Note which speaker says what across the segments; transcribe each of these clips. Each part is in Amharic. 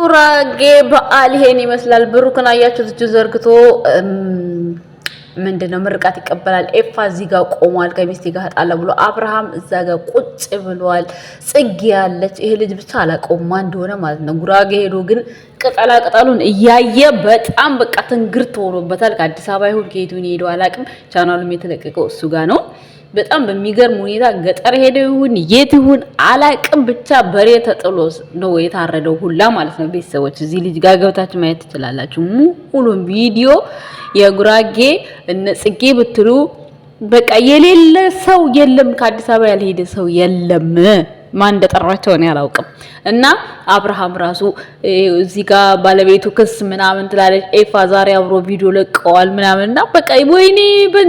Speaker 1: ጉራጌ በዓል ይሄን ይመስላል። ብሩክን አያችሁት፣ እጁ ዘርግቶ ምንድን ነው ምርቃት ይቀበላል። ኤፋ እዚህ ጋር ቆሟል፣ ከሚስቴ ጋር ጣላ ብሎ አብርሃም እዛ ጋር ቁጭ ብሏል። ጽጌ ያለች ይሄ ልጅ ብቻ አላቆማ እንደሆነ ማለት ነው። ጉራጌ ሄዶ ግን ቅጠላ ቅጠሉን እያየ በጣም በቃ ትንግርት ሆኖበታል። ከአዲስ አበባ ይሁን ከየቱን ሄደው አላቅም። ቻናሉም የተለቀቀው እሱ ጋር ነው። በጣም በሚገርም ሁኔታ ገጠር ሄደው ይሁን የት ይሁን አላቅም፣ ብቻ በሬ ተጥሎ ነው የታረደው ሁላ ማለት ነው። ቤተሰቦች እዚህ ልጅ ጋር ገብታችሁ ማየት ትችላላችሁ። ሙሉም ቪዲዮ የጉራጌ እነ ጽጌ ብትሉ በቃ የሌለ ሰው የለም፣ ከአዲስ አበባ ያልሄደ ሰው የለም። ማን እንደጠሯቸው እኔ አላውቅም። እና አብርሃም ራሱ እዚህ ጋር ባለቤቱ ክስ ምናምን ትላለች፣ ኤፋ ዛሬ አብሮ ቪዲዮ ለቀዋል ምናምን እና በቃ ወይኔ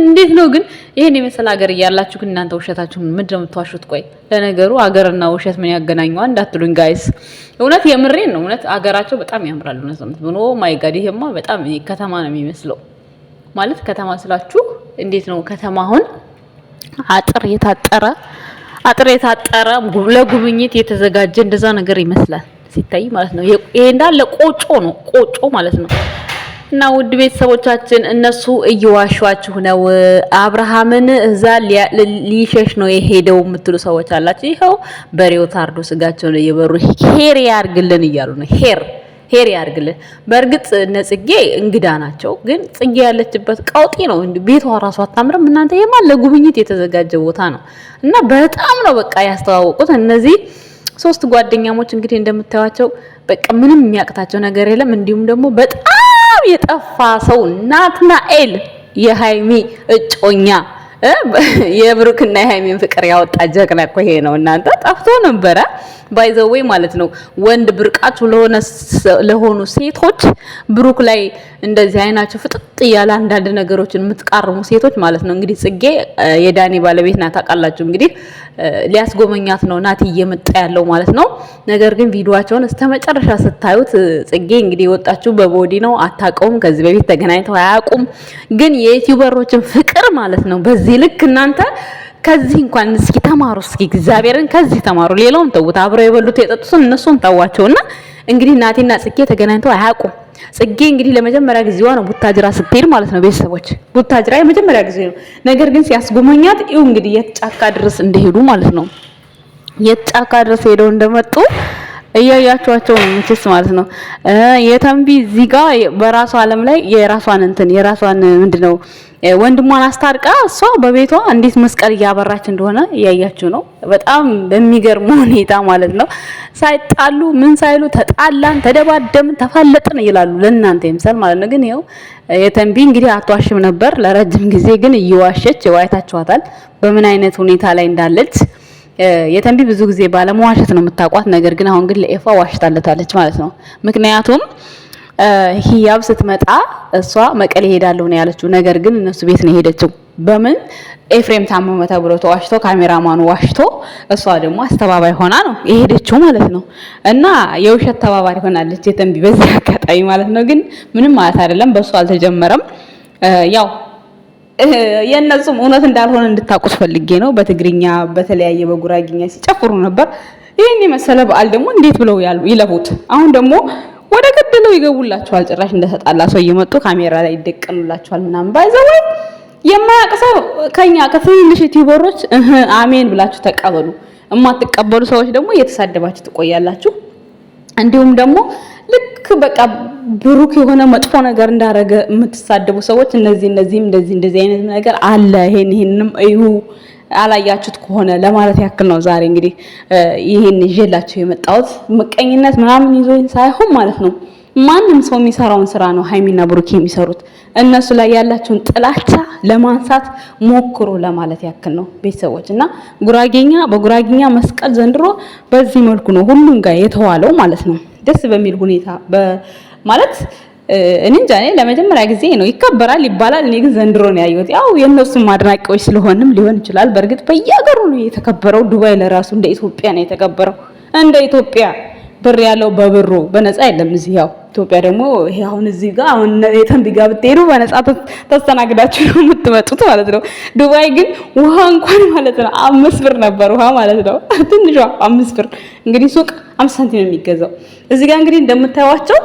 Speaker 1: እንዴት ነው ግን ይሄን የመሰለ ሀገር እያላችሁ ግን እናንተ ውሸታችሁ ምንድን ነው የምትዋሹት? ቆይ ለነገሩ ሀገርና ውሸት ምን ያገናኘዋል እንዳትሉኝ ጋይስ፣ እውነት የምሬን ነው። እውነት ሀገራቸው በጣም ያምራል። እውነት ነው። ማይ ጋድ oh ይሄማ በጣም ከተማ ነው የሚመስለው። ማለት ከተማ ስላችሁ እንዴት ነው ከተማ አሁን አጥር የታጠረ አጥር የታጠረ ለጉብኝት የተዘጋጀ እንደዛ ነገር ይመስላል ሲታይ ማለት ነው። ይሄ እንዳለ ቆጮ ነው፣ ቆጮ ማለት ነው። እና ውድ ቤተሰቦቻችን እነሱ እየዋሿችሁ ነው። አብርሃምን እዛ ሊሸሽ ነው የሄደው የምትሉ ሰዎች አላችሁ። ይኸው በሬው ታርዶ ስጋቸውን እየበሩ ሄር ያርግልን እያሉ ነው ሄር ሄር ያርግልን። በእርግጥ ነጽጌ እንግዳ ናቸው፣ ግን ጽጌ ያለችበት ቀውጢ ነው። ቤቷ ራሱ አታምርም። እናንተ የማን ለጉብኝት የተዘጋጀ ቦታ ነው። እና በጣም ነው በቃ ያስተዋወቁት እነዚህ ሶስት ጓደኛሞች እንግዲህ እንደምታዩቸው በቃ ምንም የሚያቅታቸው ነገር የለም። እንዲሁም ደግሞ በጣም የጠፋ ሰው ናትናኤል የሀይሚ እጮኛ የብሩክና የሃይሜን ፍቅር ያወጣ ጀግና እኮ ይሄ ነው። እናንተ ጠፍቶ ነበረ ዌይ ማለት ነው። ወንድ ብርቃችሁ ለሆኑ ሴቶች ብሩክ ላይ እንደዚህ አይናቸው ፍጥጥ እያለ አንዳንድ ነገሮችን የምትቃርሙ ሴቶች ማለት ነው። እንግዲህ ጽጌ የዳኒ ባለቤት ናት፣ ታውቃላችሁ። እንግዲህ ሊያስጎመኛት ነው ናቲ እየመጣ ያለው ማለት ነው። ነገር ግን ቪዲዮዋቸውን እስከ መጨረሻ ስታዩት ጽጌ እንግዲህ የወጣችሁ በቦዲ ነው፣ አታውቀውም። ከዚህ በፊት ተገናኝተው አያውቁም። ግን የዩቲዩበሮችን ፍቅር ማለት ነው በዚህ ስለዚህ ልክ እናንተ ከዚህ እንኳን እስኪ ተማሩ፣ እስኪ እግዚአብሔርን ከዚህ ተማሩ። ሌላውን ተውት፣ አብረው የበሉት የጠጡትን እነሱን ተዋቸውና እንግዲህ እናቴና ጽጌ ተገናኝተው አያውቁም። ጽጌ እንግዲህ ለመጀመሪያ ጊዜዋ ነው ቡታጅራ ስትሄድ ማለት ነው። ቤተሰቦች ቡታጅራ የመጀመሪያ ጊዜ ነው። ነገር ግን ሲያስጎመኛት ይው እንግዲህ የት ጫካ ድረስ እንደሄዱ ማለት ነው። የት ጫካ ድረስ ሄደው እንደመጡ እያያቸዋቸው ነው መቼስ ማለት ነው። የተንቢ እዚህ ጋር በራሷ ዓለም ላይ የራሷን እንትን የራሷን ምንድነው ወንድሟን አስታርቃ እሷ በቤቷ እንዴት መስቀል እያበራች እንደሆነ እያያችሁ ነው። በጣም በሚገርም ሁኔታ ማለት ነው። ሳይጣሉ ምን ሳይሉ ተጣላን፣ ተደባደምን፣ ተፋለጥን ይላሉ። ለእናንተ ይምሰል ማለት ነው። ግን ይኸው የተንቢ እንግዲህ አትዋሽም ነበር ለረጅም ጊዜ ግን እየዋሸች ዋይታችኋታል፣ በምን አይነት ሁኔታ ላይ እንዳለች የተንቢ ብዙ ጊዜ ባለመዋሸት ነው የምታውቋት። ነገር ግን አሁን ግን ለኤፋ ዋሽታለታለች ማለት ነው ምክንያቱም ሂያብ ስትመጣ እሷ መቀሌ ሄዳለሁ ነው ያለችው። ነገር ግን እነሱ ቤት ነው ሄደችው። በምን ኤፍሬም ታመመ ተብሎ ተዋሽቶ ካሜራማኑ ዋሽቶ እሷ ደግሞ አስተባባይ ሆና ነው የሄደችው ማለት ነው። እና የውሸት ተባባሪ ሆናለች የተንቢ በዚህ አጋጣሚ ማለት ነው። ግን ምንም ማለት አይደለም፣ በእሱ አልተጀመረም። ያው የእነሱም እውነት እንዳልሆነ እንድታውቁት ፈልጌ ነው። በትግርኛ በተለያየ በጉራግኛ ሲጨፍሩ ነበር። ይህን የመሰለ በዓል ደግሞ እንዴት ብለው ይለፉት? አሁን ደግሞ ወደ ገደለው ይገቡላችኋል። ጭራሽ እንደተጣላ ሰው እየመጡ ካሜራ ላይ ይደቀኑላችኋል ምናምን ባይዘው የማያውቅ ሰው ከኛ ከትንንሽ ዩቲዩበሮች አሜን ብላችሁ ተቀበሉ። የማትቀበሉ ሰዎች ደግሞ እየተሳደባችሁ ትቆያላችሁ። እንዲሁም ደግሞ ልክ በቃ ብሩክ የሆነ መጥፎ ነገር እንዳረገ የምትሳደቡ ሰዎች እነዚህ እነዚህም እንደዚህ እንደዚህ አይነት ነገር አለ፣ ይሄን ይሄንም እዩ አላያችሁት ከሆነ ለማለት ያክል ነው። ዛሬ እንግዲህ ይሄን ይዤላችሁ የመጣሁት ምቀኝነት ምናምን ይዞ ሳይሆን ማለት ነው ማንም ሰው የሚሰራውን ስራ ነው ሀይሚና ብሩኬ የሚሰሩት። እነሱ ላይ ያላችሁን ጥላቻ ለማንሳት ሞክሩ ለማለት ያክል ነው ቤተሰቦች። እና ጉራጌኛ በጉራጌኛ መስቀል ዘንድሮ በዚህ መልኩ ነው ሁሉም ጋር የተዋለው ማለት ነው ደስ በሚል ሁኔታ ማለት እንጃ እኔ ለመጀመሪያ ጊዜ ነው ይከበራል ይባላል። እኔ ግን ዘንድሮ ነው ያየሁት። ያው የእነሱም አድናቂዎች ስለሆንም ሊሆን ይችላል። በእርግጥ በየሀገሩ ነው የተከበረው። ዱባይ ለራሱ እንደ ኢትዮጵያ ነው የተከበረው። እንደ ኢትዮጵያ ብር ያለው በብሩ በነፃ የለም እዚህ። ያው ኢትዮጵያ ደግሞ ይሄ አሁን እዚህ ጋር አሁን የተንቢ ጋር ብትሄዱ በነፃ ተስተናግዳችሁ ነው የምትመጡት ማለት ነው። ዱባይ ግን ውሃ እንኳን ማለት ነው አምስት ብር ነበር ውሃ ማለት ነው ትንሿ አምስት ብር እንግዲህ ሱቅ አምስት ሳንቲም ነው የሚገዛው። እዚህ ጋር እንግዲህ እንደምታዩቸው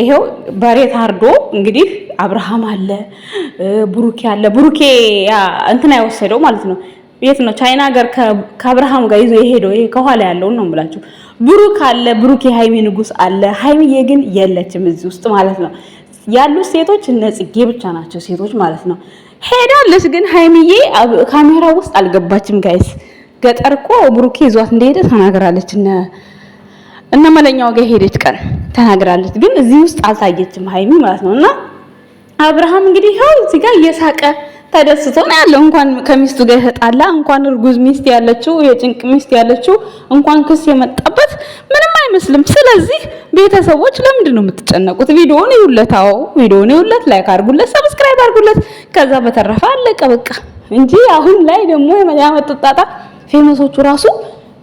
Speaker 1: ይሄው በሬ ታርዶ እንግዲህ አብርሃም አለ፣ ብሩኬ አለ። ብሩኬ ያ እንትን ማለት ነው። የት ነው ቻይና ሀገር ከአብርሃም ጋር ይዞ የሄደው ይሄ ከኋላ ያለውን ነው የምላችሁ። ብሩክ አለ፣ ብሩኬ ሃይሚ ንጉስ አለ። ሃይሚዬ ግን የለችም እዚህ ውስጥ ማለት ነው። ያሉት ሴቶች እነ ጽጌ ብቻ ናቸው ሴቶች ማለት ነው። ሄዳለች ግን ሃይሚዬ ካሜራ ውስጥ አልገባችም። ጋይስ ገጠር እኮ ብሩኬ ይዟት እንደሄደ ተናግራለች እነ እና መለኛው ጋር ሄደች ቀን ተናግራለች። ግን እዚህ ውስጥ አልታየችም ሀይሚ ማለት ነው። እና አብርሃም እንግዲህ ያው እዚህ ጋር እየሳቀ ተደስቶ ነው ያለው። እንኳን ከሚስቱ ጋር የተጣላ እንኳን እርጉዝ ሚስት ያለችው የጭንቅ ሚስት ያለችው እንኳን ክስ የመጣበት ምንም አይመስልም። ስለዚህ ቤተሰቦች ለምንድን ነው የምትጨነቁት? ቪዲዮውን ይውለታው ቪዲዮውን ይውለት፣ ላይክ አድርጉለት፣ ሰብስክራይብ አድርጉለት። ከዛ በተረፈ አለቀ በቃ እንጂ አሁን ላይ ደግሞ ያመጡት ጣጣ ፌመሶቹ ራሱ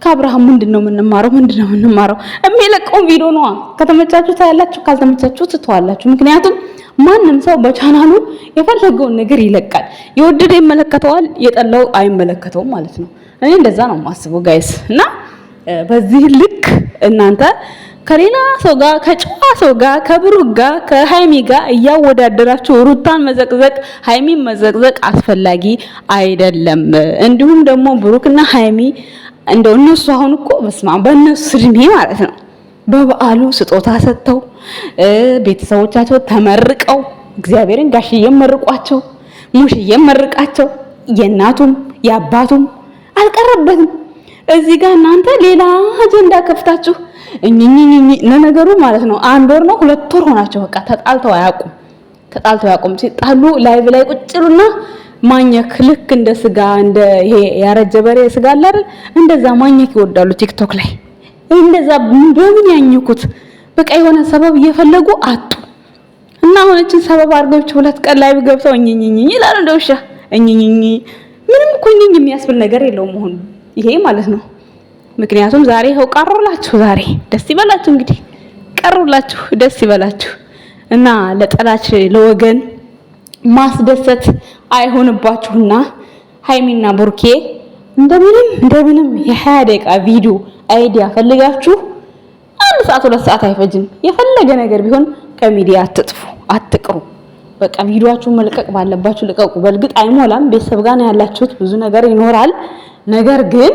Speaker 1: ከአብርሃም ምንድን ነው የምንማረው? ምንድን ነው የምንማረው? የሚለቀው ቪዲዮ ነዋ። ከተመቻችሁ ታያላችሁ፣ ካልተመቻችሁ ትተዋላችሁ። ምክንያቱም ማንም ሰው በቻናሉ የፈለገውን ነገር ይለቃል። የወደደ ይመለከተዋል፣ የጠላው አይመለከተውም ማለት ነው። እኔ እንደዛ ነው የማስበው ጋይስ። እና በዚህ ልክ እናንተ ከሌላ ሰው ጋር ከጨዋ ሰው ጋር ከብሩክ ጋር ከሃይሚ ጋር እያወዳደራችሁ ሩታን መዘቅዘቅ ሃይሚን መዘቅዘቅ አስፈላጊ አይደለም። እንዲሁም ደግሞ ብሩክና ሃይሚ እንደው እነሱ አሁን እኮ በስማ በእነሱ እድሜ ማለት ነው በበዓሉ ስጦታ ሰጥተው ቤተሰቦቻቸው ተመርቀው እግዚአብሔርን ጋሽ መርቋቸው ሙሽ መርቃቸው የእናቱም የአባቱም አልቀረበትም። እዚህ ጋር እናንተ ሌላ አጀንዳ ከፍታችሁ እኝኝኝ ለነገሩ ማለት ነው አንድ ወር ነው ሁለት ወር ሆናቸው። በቃ ተጣልተው አያውቁም፣ ተጣልተው አያውቁም። ሲጣሉ ላይቭ ላይ ቁጭሉና ማኘክ ልክ እንደ ስጋ እንደ ይሄ ያረጀ በሬ ስጋ አለ አይደል? እንደዛ ማኘክ ይወዳሉ ቲክቶክ ላይ እንደዛ በምን ያኙኩት በቃ የሆነ ሰበብ እየፈለጉ አጡ እና አሁነችን ሰበብ አድርገውች ሁለት ቀን ላይ ገብተው እኝኝኝ ይላሉ እንደ ውሻ እኝኝኝ። ምንም እኮ እኝኝ የሚያስብል ነገር የለውም መሆኑ ይሄ ማለት ነው። ምክንያቱም ዛሬ ይኸው ቀሩላችሁ። ዛሬ ደስ ይበላችሁ እንግዲህ ቀሩላችሁ፣ ደስ ይበላችሁ እና ለጠላች ለወገን ማስደሰት አይሆንባችሁና ሀይሚና ቡርኬ እንደምንም እንደምንም የሀያ ደቂቃ ቪዲዮ አይዲያ ፈልጋችሁ አንድ ሰዓት ሁለት ሰዓት አይፈጅም። የፈለገ ነገር ቢሆን ከሚዲያ አትጥፉ፣ አትቅሩ። በቃ ቪዲዮአችሁን መልቀቅ ባለባችሁ ልቀቁ። በእርግጥ አይሞላም፣ ቤተሰብ ጋር ነው ያላችሁት፣ ብዙ ነገር ይኖራል። ነገር ግን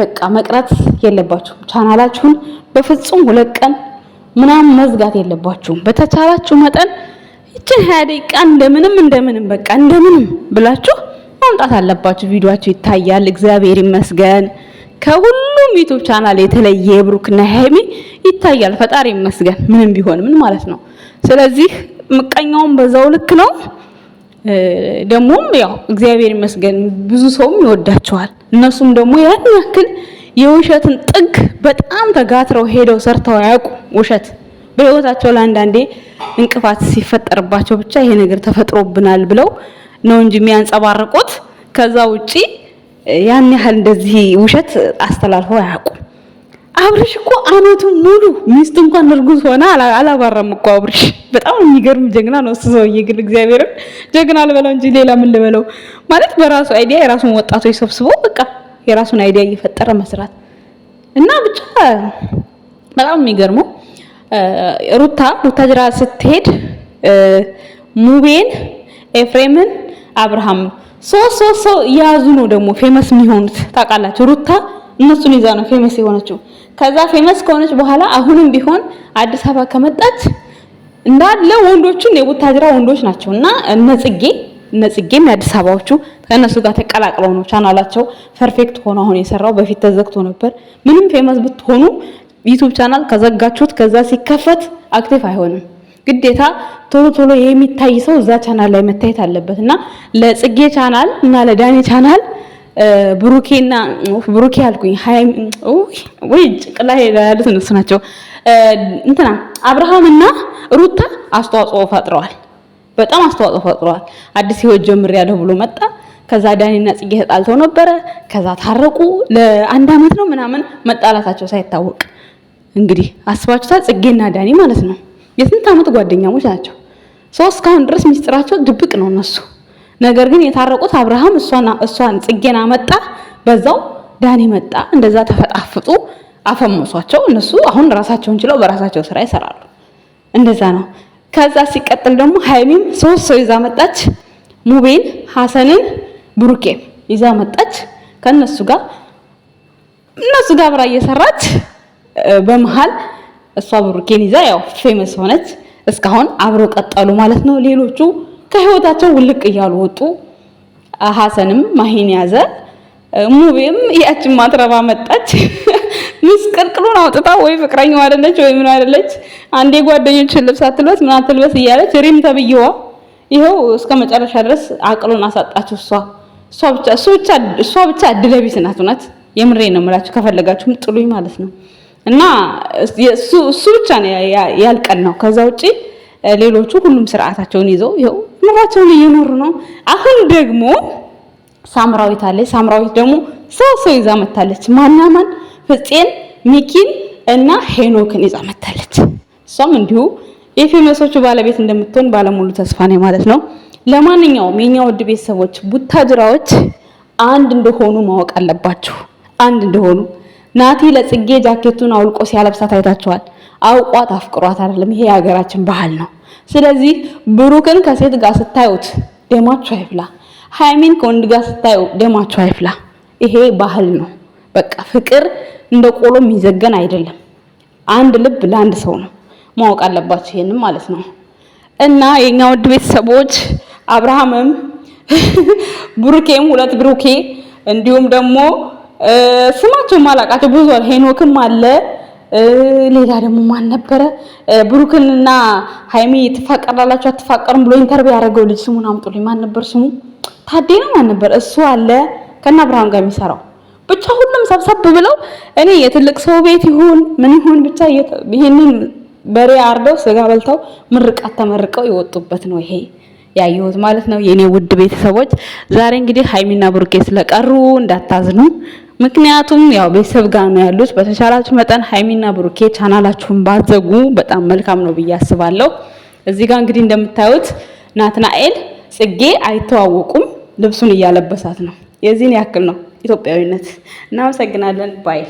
Speaker 1: በቃ መቅረት የለባችሁም። ቻናላችሁን በፍጹም ሁለት ቀን ምናምን መዝጋት የለባችሁም። በተቻላችሁ መጠን እችን ሀያ ደቂቃ እንደምንም እንደምንም በቃ እንደምንም ብላችሁ ማምጣት አለባችሁ። ቪዲዮአችሁ ይታያል። እግዚአብሔር ይመስገን። ከሁሉም ዩቱብ ቻናል የተለየ የብሩክና ሀይሚ ይታያል። ፈጣሪ ይመስገን። ምንም ቢሆን ምን ማለት ነው። ስለዚህ ምቀኛውም በዛው ልክ ነው። ደግሞም ያው እግዚአብሔር ይመስገን ብዙ ሰውም ይወዳቸዋል። እነሱም ደግሞ ያን ያክል የውሸትን ጥግ በጣም ተጋትረው ሄደው ሰርተው አያውቁ ውሸት በህይወታቸው አንዳንዴ እንቅፋት ሲፈጠርባቸው ብቻ ይሄ ነገር ተፈጥሮብናል ብለው ነው እንጂ የሚያንጸባርቁት። ከዛ ውጪ ያን ያህል እንደዚህ ውሸት አስተላልፈው አያውቁም። አብርሽ እኮ አመቱን ሙሉ ሚስቱ እንኳን እርጉዝ ሆነ አላባረም እኮ አብርሽ። በጣም የሚገርም ጀግና ነው እሱ ሰውዬ። ግን እግዚአብሔርን ጀግና ልበለው እንጂ ሌላ ምን ልበለው? ማለት በራሱ አይዲያ የራሱን ወጣቶች ሰብስቦ በቃ የራሱን አይዲያ እየፈጠረ መስራት እና ብቻ በጣም የሚገርመው ሩታ ቡታጅራ ስትሄድ ሙቤን፣ ኤፍሬምን፣ አብርሃም ሶስት ሶስት ሰው እያያዙ ነው ደግሞ ፌመስ የሚሆኑት ታውቃላችሁ። ሩታ እነሱን ይዛ ነው ፌመስ የሆነችው። ከዛ ፌመስ ከሆነች በኋላ አሁንም ቢሆን አዲስ አበባ ከመጣች እንዳለ ወንዶቹን የቡታጅራ ወንዶች ናቸው እና እነ ጽጌ እነ ጽጌም የአዲስ አበባዎቹ ከእነሱ ጋር ተቀላቅለው ነው ቻናላቸው ፐርፌክት ሆኖ አሁን የሰራው። በፊት ተዘግቶ ነበር። ምንም ፌመስ ብትሆኑ ዩቱብ ቻናል ከዘጋችሁት ከዛ ሲከፈት አክቲቭ አይሆንም። ግዴታ ቶሎ ቶሎ የሚታይ ሰው እዛ ቻናል ላይ መታየት አለበት እና ለጽጌ ቻናል እና ለዳኒ ቻናል ብሩኬና ብሩኬ አልኩኝ ወይ ጭቅላ ያሉት እነሱ ናቸው። እንትና አብርሃምና ሩታ አስተዋጽኦ ፈጥረዋል። በጣም አስተዋጽኦ ፈጥረዋል። አዲስ ህይወት ያለው ብሎ መጣ። ከዛ ዳኒና ጽጌ ተጣልተው ነበረ። ከዛ ታረቁ። ለአንድ አመት ነው ምናምን መጣላታቸው ሳይታወቅ እንግዲህ አስባችሁታል። ጽጌና ዳኒ ማለት ነው የስንት ዓመት ጓደኛሞች ናቸው። ሰው እስካሁን ድረስ ሚስጥራቸው ድብቅ ነው እነሱ። ነገር ግን የታረቁት አብርሃም እሷን ጽጌና መጣ፣ በዛው ዳኒ መጣ። እንደዛ ተፈጣፍጡ አፈመሷቸው። እነሱ አሁን ራሳቸውን ችለው በራሳቸው ስራ ይሰራሉ። እንደዛ ነው። ከዛ ሲቀጥል ደግሞ ሀይሚም ሶስት ሰው ይዛ መጣች። ሙቤን፣ ሀሰንን፣ ብሩኬን ይዛ መጣች። ከነሱ ጋር እነሱ ጋር አብራ እየሰራች በመሀል እሷ ብሩኬን ይዛ ያው ፌመስ ሆነች። እስካሁን አብረው ቀጠሉ ማለት ነው። ሌሎቹ ከህይወታቸው ውልቅ እያሉ ወጡ። ሀሰንም ማሂን ያዘ። ሙቤም ያችን ማትረባ መጣች። ምስቅልቅሉን አውጥታ ወይ ፍቅረኛዋ አይደለች ወይ ምን አይደለች፣ አንዴ ጓደኞችን ልብስ አትልበስ ምን አትልበስ እያለች ሪም ተብዬዋ ይኸው እስከ መጨረሻ ድረስ አቅሉን አሳጣችሁ። እሷ እሷ ብቻ እሷ ብቻ እድለቢስ ናት። እውነት የምሬ ነው የምላችሁ። ከፈለጋችሁም ጥሉኝ ማለት ነው። እና እሱ ብቻ ነው ያልቀን ነው። ከዛ ውጭ ሌሎቹ ሁሉም ስርዓታቸውን ይዘው ይኸው ኑሯቸውን እየኖሩ ነው። አሁን ደግሞ ሳምራዊት አለች። ሳምራዊት ደግሞ ሰው ሰው ይዛ መታለች። ማናማን ፍፄን፣ ሚኪን እና ሄኖክን ይዛ መታለች። እሷም እንዲሁ የፌመሶቹ ባለቤት እንደምትሆን ባለሙሉ ተስፋ ነው ማለት ነው። ለማንኛውም የኛ ውድ ቤተሰቦች ቡታጅራዎች አንድ እንደሆኑ ማወቅ አለባችሁ። አንድ እንደሆኑ ናቲ ለጽጌ ጃኬቱን አውልቆ ሲያለብሳት አይታችኋል። አውቋት አፍቅሯት አይደለም፣ ይሄ የሀገራችን ባህል ነው። ስለዚህ ብሩክን ከሴት ጋር ስታዩት ደማችሁ አይፍላ፣ ሃይሚን ከወንድ ጋር ስታዩ ደማችሁ አይፍላ። ይሄ ባህል ነው። በቃ ፍቅር እንደ ቆሎ የሚዘገን አይደለም። አንድ ልብ ለአንድ ሰው ነው። ማወቅ አለባችሁ ይሄንም ማለት ነው። እና የኛ ውድ ቤተሰቦች አብርሃምም ብሩኬም ሁለት ብሩኬ እንዲሁም ደግሞ ስማቸው ማላቃቸው ብዙ አለ። ሄኖክም አለ። ሌላ ደግሞ ማን ነበረ? ብሩክንና ሃይሚ ትፋቀራላችሁ አትፋቀሩም ብሎ ኢንተርቪው ያደረገው ልጅ ስሙን አምጡልኝ። ማን ነበር ስሙ? ታዴ ነው ማን ነበር? እሱ አለ ከና ብርሃን ጋር የሚሰራው ብቻ ሁሉም ሰብሰብ ብለው እኔ የትልቅ ሰው ቤት ይሁን ምን ይሁን ብቻ ይሄንን በሬ አርደው ስጋ በልተው ምርቃት ተመርቀው የወጡበት ነው ይሄ ያየሁት ማለት ነው። የኔ ውድ ቤተሰቦች ዛሬ እንግዲህ ሃይሚና ብሩኬ ስለቀሩ እንዳታዝኑ። ምክንያቱም ያው ቤተሰብ ጋር ነው ያሉት። በተቻላችሁ መጠን ሀይሚና ብሩኬ ቻናላችሁን ባዘጉ በጣም መልካም ነው ብዬ አስባለሁ። እዚህ ጋር እንግዲህ እንደምታዩት ናትናኤል ጽጌ አይተዋወቁም፣ ልብሱን እያለበሳት ነው። የዚህን ያክል ነው ኢትዮጵያዊነት። እናመሰግናለን ባይ